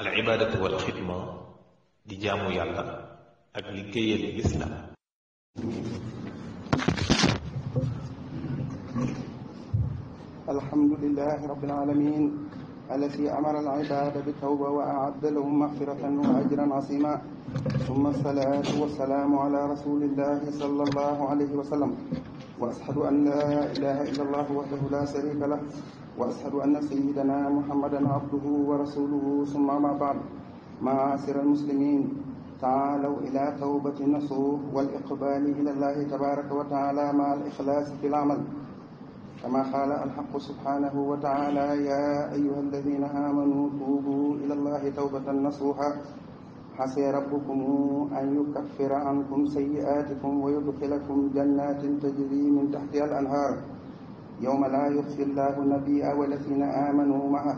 al ibaadatu wal xidma di jaamu yàlla ak liggéeyal lislaam alhamdulilahi rabbil alamin التي أمر العباد بالتوبة وأعد لهم مغفرة وأجرا عظيما ثم الصلاة والسلام على رسول الله صلى الله عليه وسلم وأشهد أن لا إله إلا الله وحده لا شريك له وأشهد أن سيدنا محمدا عبده ورسوله ثم أما بعد معاشر المسلمين تعالوا إلى توبة النصوح والإقبال إلى الله تبارك وتعالى مع الإخلاص في العمل كما قال الحق سبحانه وتعالى يا أيها الذين آمنوا توبوا إلى الله توبة نصوحا عسى ربكم أن يكفر عنكم سيئاتكم ويدخلكم جنات تجري من تحتها الأنهار يوم لا يخزي الله النبي والذين آمنوا معه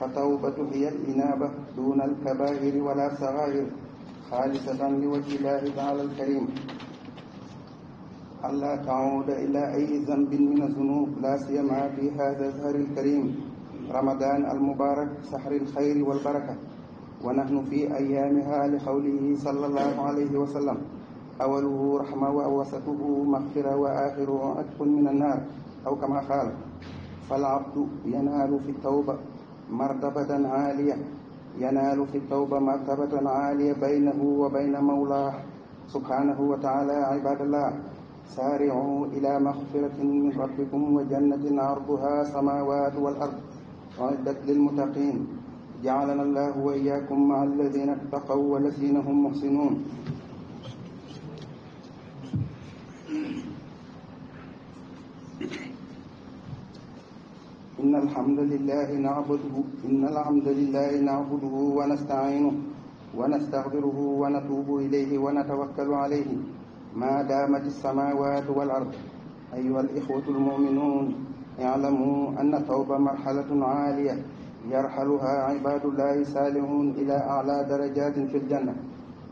فتوبة هي الإنابة دون الكبائر ولا صغائر خالصة لوجه الله تعالى الكريم ألا تعود إلى أي ذنب من الذنوب لا سيما في هذا الزهر الكريم رمضان المبارك سحر الخير والبركة wa nahnu fi ayaamiha li qawlihi sallallahu alayhi wa sallam awaluhu rahma wa wasatuhu maghfira wa axiruhu atqun min annaar aw kama qaala falabdu yanaalu fi tawba martabatan aaliya yanaalu fi tawba martabatan aaliya baynahu wa bayna mawlaah subhaanahu wa taala ibaadallah saaricu ila magfiratin min rabbikum wa jannatin arduha samaawaatu wal ard uiddat lilmuttaqiin جعلنا الله وإياكم مع الذين اتقوا والذين هم محسنون إن الحمد لله نعبده إن الحمد لله نعبده ونستعينه ونستغفره ونتوب إليه ونتوكل عليه ما دامت السماوات والأرض أيها الإخوة المؤمنون اعلموا أن التوبة مرحلة عالية يرحلها عباد الله سالمون إلى أعلى درجات في الجنة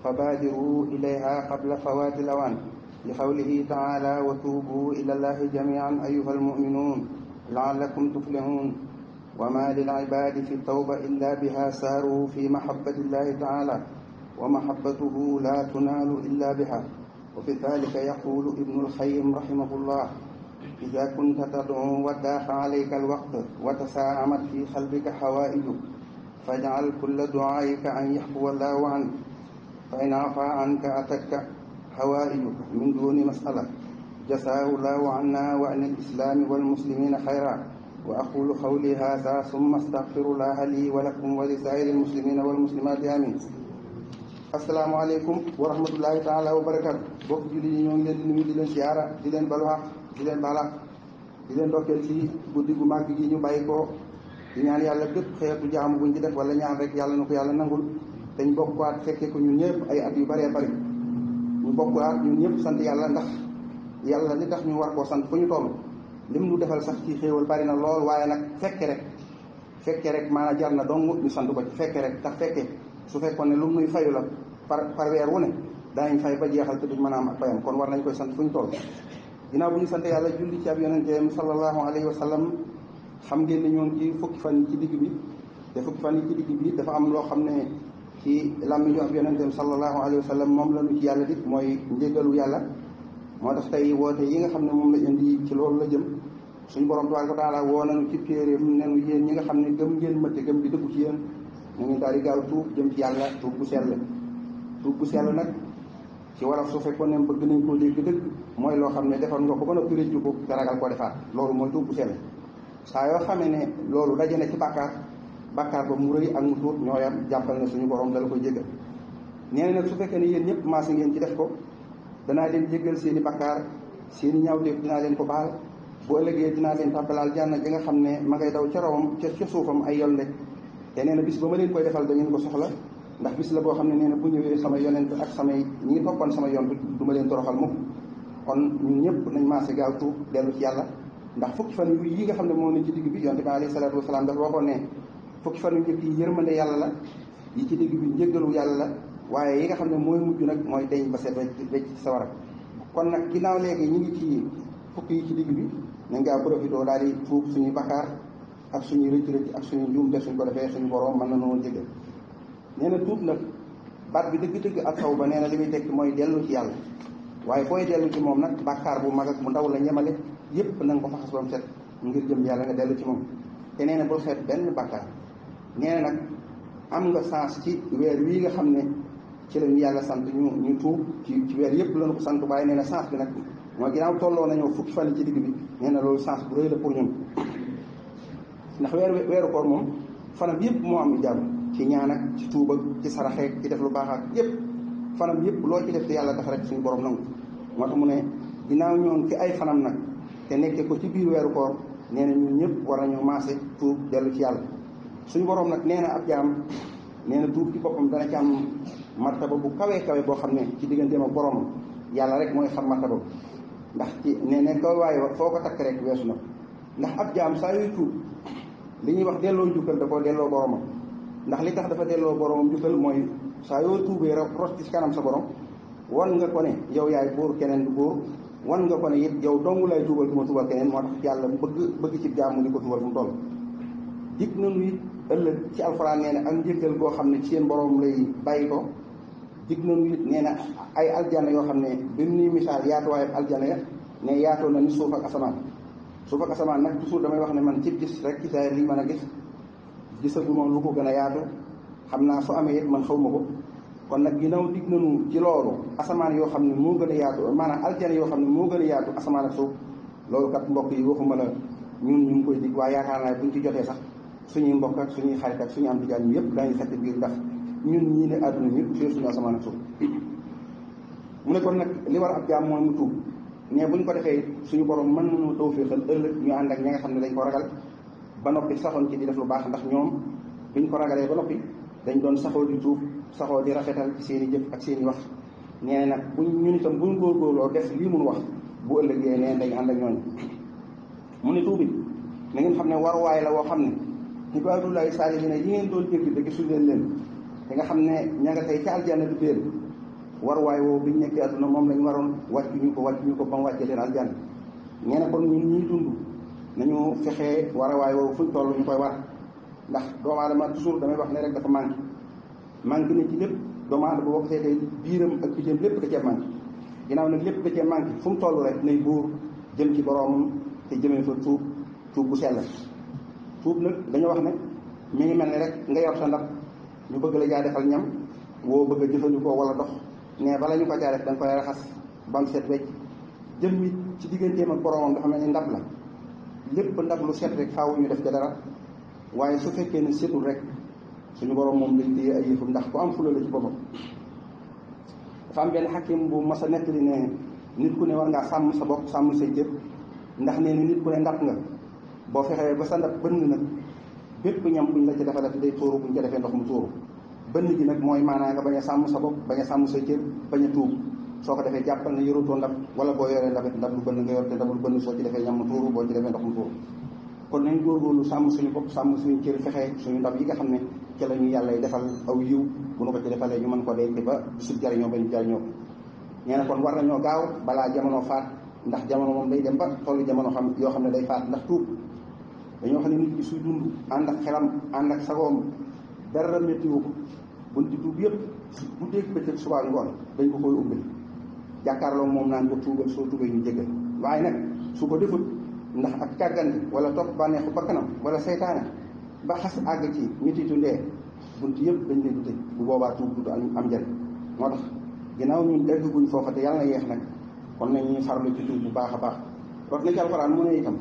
فبادروا إليها قبل فوات الأوان لقوله تعالى وتوبوا إلى الله جميعا أيها المؤمنون لعلكم تفلحون وما للعباد في التوبة إلا بها ساروا في محبة الله تعالى ومحبته لا تنال إلا بها وفي ذلك يقول ابن الخيم رحمه الله إذا كنت تدعو وداخ عليك الوقت وتساعمت في قلبك حوائجك فاجعل كل دعائك أن يحفو الله عنك فإن عفا عنك أتتك حوائجك من دون مسألة جزاه الله عنا وعن الإسلام والمسلمين خيرا وأقول قولي هذا ثم أستغفر الله لي ولكم ولسائر المسلمين والمسلمات آمين asalaamaaleykum wa rahmatullahi taala wa barakaatu bokk julli yi ñoo ngi leen di nuyu di leen siyaara di leen balu di leen balak di leen ndokkeel ci guddi gu màgg gi ñu bàyyi ko di ñaan yàlla bépp xeetu jaamu buñ ci def wala ñaan rek yàlla na ko yàlla nangul dañ bokkuwaat fekkee ko ñun ñëpp ay at yu bëree bëri ñu bokkuwaat ñun ñëpp sant yàlla ndax yàlla li tax ñu war ko sant fu ñu toll lim mu defal sax ci xéewal bari na lool waaye nag fekke rek fekke rek maanaam jar na dong ñu sant ko ci fekke rek tax fekke su fekkoon ne lu muy fayu la par par weer wu ne ñu fay ba jeexal te duñ mën a am ak kon war nañ koy sant fu ñu toll dina bu ñu sante yàlla julli ci ab yonenteem sallallahu alayhi wa sallam xam ngeen ne ñoom ci fukki fan yi ci digg bi te fukki fan yi bi dafa am loo xam ne ci làmmiñu ab yonenteem sallallahu alayhi wa sallam moom la ñu ci yàlla dik mooy njéggalu yàlla moo tax tey woote yi nga xam ne moom la indi ci loolu la jëm suñu borom tabaraka wa taala woo nañu ci téeréem nenu yéen ñi nga xam ne gëm ngeen mëtte gëm di dëggu ci yéen na ngeen daal di gaaw tuub jëm ci yàlla tuub bu sell tuub bu sell nag ci wolof su fekkoon ne bëgg nañ koo dégg dëgg mooy loo xam ne defoon nga ko ba noppi rëccu ko te koo defaat loolu mooy tuub bu sell saa yoo xam ne loolu daje na ci bàkkaar bàkkaar ba mu rëy ak mu tuut ñoo yam jàppal ne suñu borom dala koy jéggal nee na nag su fekkee ne yéen ñëpp maase ngeen ci def ko danaa leen jéggal seen i bàkkaar seen i ñaawteef dinaa leen ko baal boo ëllëgee dinaa leen tàbbalaal jànna ji nga xam ne ma ngay daw ca rawam ca ca suufam ay yolle te nee bis ba ma leen koy defal da ngeen ko soxla ndax bis la boo xam ne nee na bu ñëwee sama yonent ak samay ñi toppoon sama yoon bi du ma leen toroxal mukk kon ñun ñëpp nañ maase gaaw tuub dellu ci yàlla ndax fukki fan yu yi nga xam ne moo ne ci digg bi yonte bi alayhi salaatu wasalaam dafa fan yu njëkk yi yërmande yàlla la yi ci digg bi njëggalu yàlla la waaye yi nga xam ne mooy mujj nag mooy deñ ba set wecc wecc ci kon nag ginnaaw léegi ñu ngi ci fukki yi ci digg bi nañ ngaa profité daal di tuub suñuy bakkaar ak suñuy rëcc rëcc ak suñu njuum te suñ ko defee suñu borom mën na noo jéggal nee na tuub nag baat bi dëgg-dëgg ak taw ba nee na li muy tekki mooy dellu ci yàlla waaye booy dellu ci moom nag bàkkaar bu mag ak bu ndaw la ñemale yépp na ko faxas ba mu set jëm yàlla dellu ci moom te nee na benn bàkkaar nee na nag am nga sens ci weer wii nga xam ne ci lañu yàlla sant ñu ñu tuub ci ci weer yépp lañu ko sant waaye nee na sens bi nag mooy ginnaaw tolloo nañoo fukki fan ci digg bi nee na loolu sant bu rëy la pour ñun ndax weeru weeru koor moom fanam yépp moo am jàmm ci ñaan ak ci tuub ak ci saraxeek ci def lu baax ak yëpp fanam yëpp loo ci def te yàlla tax rek suñu borom nangu moo tax mu ne ginnaaw ñoon ci ay fanam nag te nekkee ko ci biir weeru koor nee na ñun ñëpp war nañoo maase tuub dellu ci yàlla suñu borom nag nee na ab jaam nee na tuub ci boppam dana ci am martaba bu kawee kawe boo xam ne ci digganteem ak boromam yàlla rek mooy xam martaba ndax ci nee na kaw waaye foo ko takk rek weesu na ndax ab jaam saa yuy tuub li ñuy wax delloo njukkal da koo delloo boromam ndax li tax dafa delloo boromam jukkal mooy saa yoo tuubee rot ci kanam sa borom wan nga ko ne yow yaay buur keneen du buur wan nga ko ne it yow dong lay tuubal ci ma tuubal keneen moo tax yàlla bëgg bëgg ci jàmm ni ko tuubal mu toll dig nañu it ëllëg ci alxuraan nee na ak njëggal goo xam ne ci seen borom lay bàyyi ko dig nañu nee na ay aljana yoo xam ne bi nuy misaal yaatuwaayu aljana ya ne yaatoo na ni suuf ak asamaan suuf ak asamaan nag toujours damay wax ne man ci gis rek ci saa yi mën a gis gisaguma lu ko gën a yaatu xam naa su amee it man xaw ma ko kon nag ginnaaw dig nañu ci loolu asamaan yoo xam ne moo gën a yaatu maanaam aljana yoo xam ne moo gën a yaatu asamaan ak suuf yi waxuma la ñun ñu ngi koy dig waaye yaakaar naa buñ sax suñuy mbokk ak suñuy xarit ak suñu am di jaan yëpp daañu fekk biir ndax ñun ñii ne àdduna ñëpp suñu suñu asamaan ak suuf mu ne kon nag li war ab jaam mooy mu tuub mais buñ ko defee suñu borom mën nañoo tawféexal ëllëg ñu ànd ak ñi nga xam ne dañ ko ragal ba noppi saxoon ci di def lu baax ndax ñoom biñ ko ragalee ba noppi dañ doon saxoo di tuub saxoo di rafetal ci seen i jëf ak seen i wax nee na nag buñ ñun itam buñ góorgóorloo def lii mun wax bu ëllëgee nee dañ ànd ak ñooñu mu ne tuubi ngeen xam ne waruwaay la woo xam ne ñu baadullahi saalihiina yi ngeen doon jéggi da gisul leen leen di nga xam ne ña nga tey ca du béen waruwaay woowu biñ nekkee àdduna moom lañ waroon wàcc ñu ko wàcc ñu ko ba mu wàcce leen aljanna nee ñuy dund nañu fexe war a waay woowu fuñ toll ñu koy war ndax doomu aadama toujours damay wax ne rek dafa manqué manqué na ci lépp doomu aadama boo ko seetee biiram ak bitim lépp da cee manqué nag lépp da cee fu mu toll rek nay buur jëm ci boroomam te jëmee fa tuub tuub bu sell tuub nag dañu wax ne mu ngi mel ne rek nga yor sa ndab ñu bëgg la caa defal ñam woo bëgg jëfandikoo wala dox mais bala ñu ko caa def da koy raxas ba set wecc jëm it ci digganteem ak boroomam dafa mel ni ndab la lépp ndax lu set rek faaw ñu def ca dara waaye su fekkee ne setul rek suñu borom moom day téye ay yëfam ndax ku am fula la ci boppam. dafa am benn xakim bu mas a nettali ne nit ku ne war ngaa sàmm sa bopp sàmm say jëf ndax nee na nit ku ne ndap nga boo fexee ba sa ndap bënn nag bépp ñam buñ la ca defalati day tuuru buñ ca defee ndox mu tuuru bënn ji nag mooy maanaa nga bañ a sàmm sa bopp bañ a sàmm say jëf bañ a tuub. soo ko defee jàppal na yorutoo ndab wala boo yoree ndabit ndab lu bënn nga yor te ndab lu bënn soo ci defee ñam tuuru boo ci defee ndox mu tuuru kon sàmm suñu bopp sàmm suñu cër fexe suñu ndab yi nga xam ne ci la ñu yàlla defal aw yiw bu ko ci defalee ñu mën ko denc ba bisul jariñoo ba ñu jariñoo nee na kon war nañoo gaaw balaa jamono faat ndax jamono moom day dem ba tollu jamono xam yoo xam ne day faat ndax tuub dañoo xam ne nit ki suy dund ànd ak xelam ànd ak sagoom dara météo ko buñ ci tuub yëpp guddeeg bëccëg subaa ngoon dañ ko koy ubbi jàkkaarloo moom naan ko tuubal soo tuubee ñu jégal waaye nag su ko defut ndax ak càggante wala topp bànneexu bakkanam wala seytaane ba xas àgg ci mititu ndee bunt yëpp dañ leen di tëj bu boobaa tuub du am njëriñ moo tax ginnaaw ñun egguñ foofa te yàlla na yeex nag kon nañuy farlu ci tuub bu baax a baax rot na ci alxuraan mu ne itam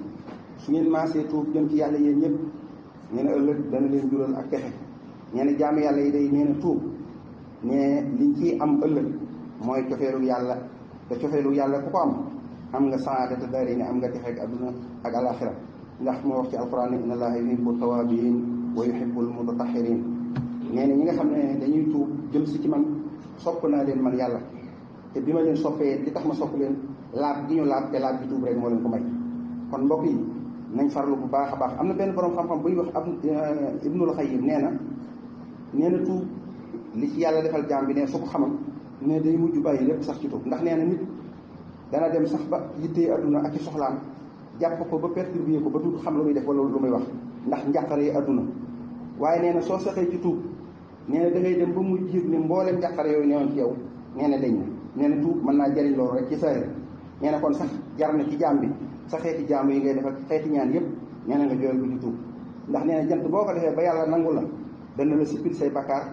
su ngeen maasee tuub jëm ci yàlla yéen ñëpp nee na ëllëg dana leen jural ak texe nee na jaamu yàlla yi day nee na tuub ne liñ ciy am ëllëg mooy cofeelu yàlla te cofeelu yàlla ku ko am am nga saadata daarayni am nga texe ak adduna ak alaxira ndax moo wax ci alquran ne inna allaha yuhibbu tawaabiin wa yuhibbul mutatahhirin nee na ñi nga xam ne dañuy tuub jëm si ci man sopp naa leen man yàlla te bi ma leen soppee li tax ma sopp leen laab gi ñu laab te laab gi rek moo leen ko may kon mbokk yi nañ farlu bu baax a baax am na benn borom xam-xam buy wax ab eh, ibnul xayim nee na nee na li yàlla defal jaam bi ne su ko ne day mujj bàyyi lépp sax ci tuub ndax nee na nit dana dem sax ba yittee adduna ak i soxlaam jàpp ko ba perturbé ko ba du xam lu muy def wala lu muy wax ndax njàqare yi adduna waaye nee na soo saxee ci tuub nee na da ngay dem ba mu yëg ne mboolem njàqare yooyu newoon ci yow nee na dañ na nee mën naa jëriñ loolu rek ci saa nee na kon sax jar na ci jaam bi sa xeeti jaam yi ngay def ak xeeti ñaan yëpp nee na nga jooyal ko ci tuub ndax nee na jant boo ko defee ba yàlla nangu la dana la sippil say bakkaar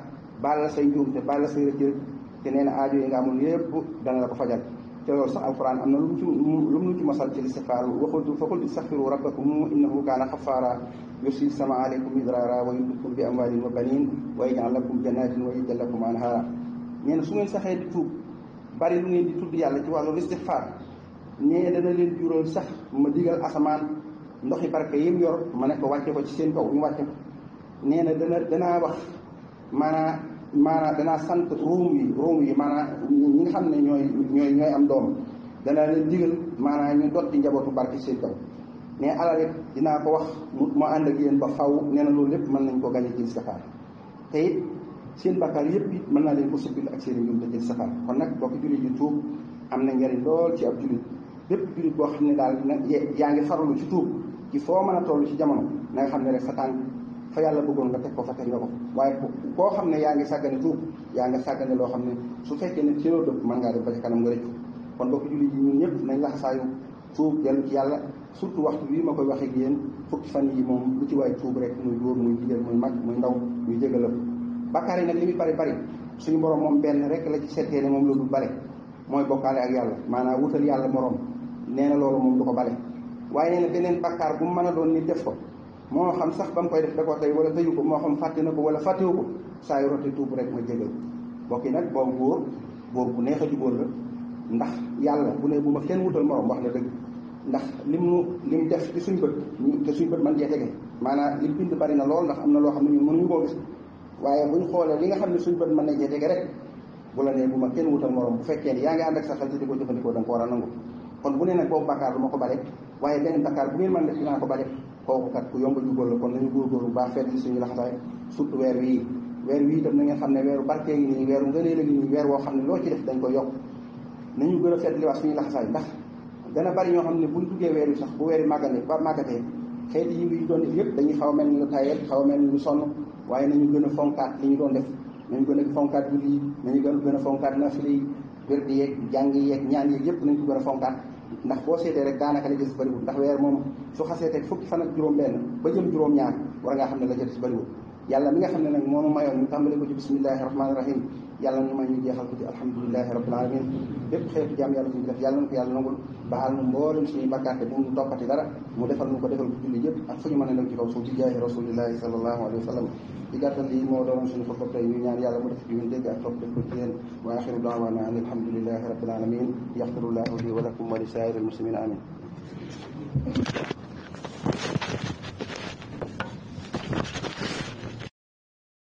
baal la say njuumte baal la say rëcc te nee na aajo yi nga amoon yëpp dana la ko fajal te loolu sax alquran am na lu mu ci lu mu ci masal ci listixfaar waxul faqul istaxfiru rabbakum innahu kaana xafaara yursil sama aleykum idraara wa yumdidkum bi amwaalin wa baniin wa yaj'al lakum jannatin wa yaj'al lakum anhaara nee na su saxee di tuub bari lu ngeen di tudd yàlla ci wàllu listixfaar nee dana leen jural sax ma digal asamaan ndoxi barke yim yor ma ne ko wàcce ko ci seen kaw ñu wàcce ko nee na dana danaa wax maanaam maanaam danaa sant ruum yi ruum yi maanaam ñi xam ne ñooy ñooy ñooy am doom danaa leen digal maanaam ñu dotti njabootu barke seen kaw mais alal dinaa ko wax mu ànd ak yéen ba faw ne na loolu lépp mën nañ ko gañe ci istixfaar te it seen bakkaar yëpp it mën naa leen ko suppil ak seen i njumte ci istixfaar kon nag boo ko jullit yi tuub am na njariñ lool ci ab jullit bépp jullit boo xam ne daal nag yaa ngi farlu ci tuub ki foo mën a toll ci jamono na nga xam ne rek sa fa yàlla bëggoon nga teg ko fa teg nga ko waaye koo xam ne yaa ngi sàggane tuub yaa ngi sàggane loo xam ne su fekkee ne ci loo dëpp mën ngaa def ba ci kanam nga rëccu kon bokk julli ji ñun ñëpp nañ laxasaayu tuub dellu ci yàlla surtout waxtu bii ma koy waxee ak yéen fukki fan yi moom lu ci waay tuub rek muy góor muy jigéen muy mag muy ndaw muy jégal bakkaar yi nag li muy bari bari suñu borom moom benn rek la ci seetee ne moom la du bale mooy bokkaale ak yàlla maanaam wutal yàlla morom nee na loolu moom ko bale waaye doon nit def moo xam sax ba koy def da ko tey wala tëyu ko moo xam fàtte na ko wala fàttewu ko saa yu rote tuub rek ma jégal bokki nag boobu góor góor bu neex a jubóor la ndax yàlla bu ne bu ma kenn wutal morom wax na dëgg ndax lim mu lim def ci suñ bët te suñ bët man cee tege maanaam lim bind bari na lool ndax na loo xam ne ñun mënuñu koo gis waaye buñ xoolee li nga xam ne suñ bët mën na cee tege rek la nee bu ma kenn wutal morom bu fekkee ne yaa ngi ànd ak sa xel di ko jëfandikoo kon bu ne nag boobu bàkkaar du ma ko bale waaye beneen bàkkaar bu ngeen mën def dinaa ko bare kooku kat ku yomb jubal la kon nañu góorgóorlu bu baax fedd suñu laxasaay surtout weer wii weer wii itam na ngeen xam ne weeru barkee yi nii weeru ngëneel a ngi nii weer woo xam ne loo ci def dañ ko yokk nañu gën a feddliwaat suñu laxasaay ndax dana bari ñoo xam ne buñ duggee weer wi sax bu weeri màggane ba màggatee xeeti yi ñu yëpp dañuy xaw mel ni lu tayel xaw mel ni lu sonn waaye nañu gën a fonkaat li ñu doon def nañu gën a fonkaat guddi yi nañu gën a fonkaat nafile yi wér di yeeg jàng yeeg ñaan yeeg yëpp nañu ko gën a fonkaat ndax boo seetee rek daanaka la jël bëriwul ndax weer moom su xasee teg fukki fan ak juróom-benn ba jëm juróom-ñaar war ngaa xam ne la jël bëriwul yàlla mi nga xam ne nag moonu mayoon nu may ñu jeexal ko ci alhamdulilahi rabbil alamin na ko yàlla nangul baal nu mboolem suñuy bakkaate bu mu toppati dara mu defal nu ko defal julli yëpp ak fu ñu mën a nekk ci kaw suuf ci jaahi rasulillahi sallallahu alayhi wa sallam di gàttal lii moo doonoon suñu xutba tey ñu ñaan yàlla mu def ñu dégg ak topp def ko ci yéen wa axiru daawaana an alhamdulilahi rabbil alamin yaxfirullahu li wa lakum wa li saa'iril muslimin amin